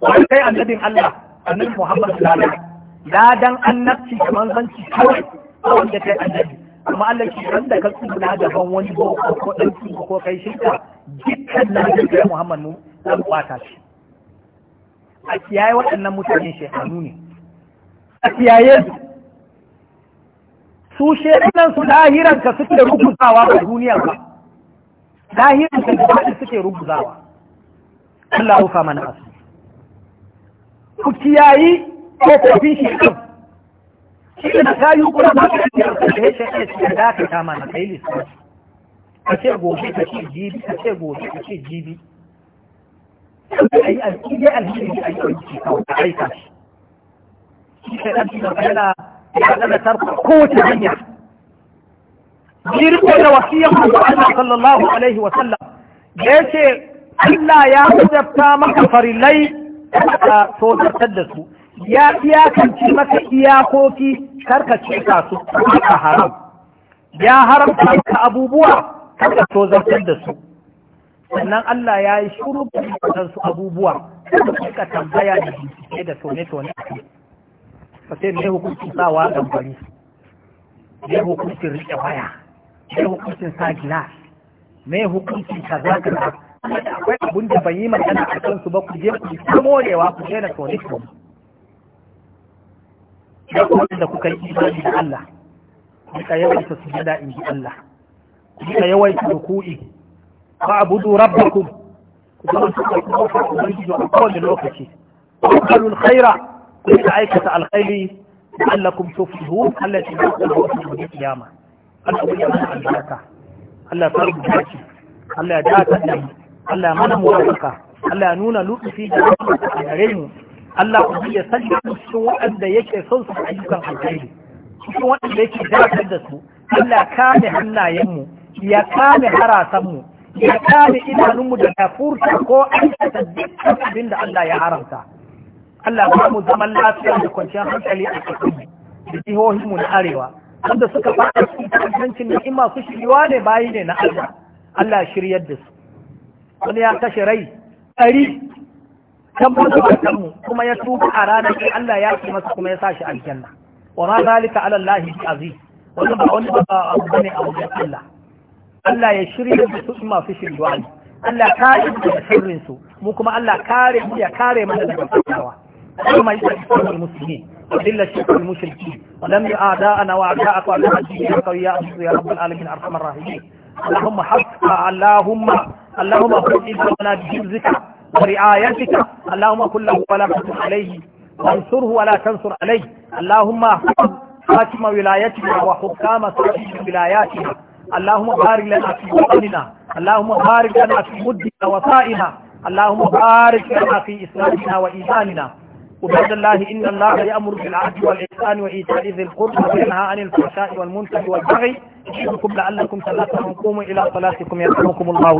wai kai annabin Allah annabi Muhammad sallallahu alaihi wasallam ladan annabci da manzanci kawai wanda kai annabi amma Allah ki ran da ka tsuna gaban wani ko ko dan ko kai shirka dukkan na da Muhammad mu dan kwata shi a kiyaye waɗannan mutanen shekaru ne a kiyaye su su shekaran su lahiran ka suke rubuzawa a duniya ba lahiran ka da suke rubuzawa Allah ufa mana asu ku kiyayi ko kofin shekaru ina ka kuma ba ka da ka kai ka ce gobe ka ce jibi ka ce gobe ka ce jibi a yi a yi aiki kawai a aika shi shi ka da ya ɗana da wasiyan manzo Allah sallallahu alaihi wa sallam da ce Allah ya wajabta maka farilai ka so da su ya kanci maka iyakoki karka ce ka su ka haram ya haramta ka abubuwa karka so zartar da su sannan Allah ya yi shuru da su abubuwa ka tambaya da bincike da tone-tone a kai ba sai mai hukuncin sawa a bari mai hukuncin riƙe waya mai hukuncin sa gilas mai hukuncin kaza kaza akwai abun da bai yi magana a kansu ba ku je ku samorewa ku je na tone-tone ya kuma da kuka yi imani da Allah kuka yawaita su sujada in ji Allah kuka yawaita ruku'i fa abudu rabbakum ku zama su kai kuma ku ubangiji a kowane lokaci kukalul khaira ku yi aikata alkhairi Allah la'allakum tuflihun Allah ya tsaya wasu, da wata kiyama Allah ya mana albarka Allah ya rubuta shi Allah ya dace da Allah ya mana mu muwaffaqa Allah ya nuna lutfi da rahmat a gare mu Allah ku ya sanya su cikin waɗanda yake son su ayyukan alheri cikin waɗanda yake dakatar da su Allah kame hannayenmu ya kame harasanmu ya kame idanunmu daga furta ko aikata dukkan abin da Allah ya haramta Allah ba mu zaman lafiya da kwanciyar hankali a cikin da jihohinmu na arewa wanda suka fara cikin ni'ima su shiriwa ne bayi ne na Allah Allah shiryar da su wani ya kashe rai ɗari tabbata da mu kuma ya tuba a ranar sai Allah ya ki masa kuma ya sa shi aljanna wa ma zalika ala Allah bi aziz wani ba wani ba abu bane a wajen Allah Allah ya shirya da su masu shirya Allah kare mu da sharrin su mu kuma Allah kare mu ya kare mana daga fatawa kuma yi tsarkin musulmi وإلا الشرك المشركين ولم أعداءنا وأعداءك وأعداء الدين يا يا رب العالمين أرحم الراحمين اللهم حق اللهم اللهم خذ إلى بنا ورعايتك اللهم كن له ولا تنصر عليه وانصره ولا تنصر عليه اللهم حاكم ولايتنا وحكام صاحب ولاياتنا اللهم بارك لنا في وطننا اللهم بارك لنا في مدنا وطائنا اللهم بارك لنا في اسلامنا وايماننا وبعد الله ان الله يامر بالعدل والاحسان وايتاء ذي القربى وينهى عن الفحشاء والمنكر والبغي يعظكم لعلكم تذكرون قوموا الى صلاتكم يرحمكم الله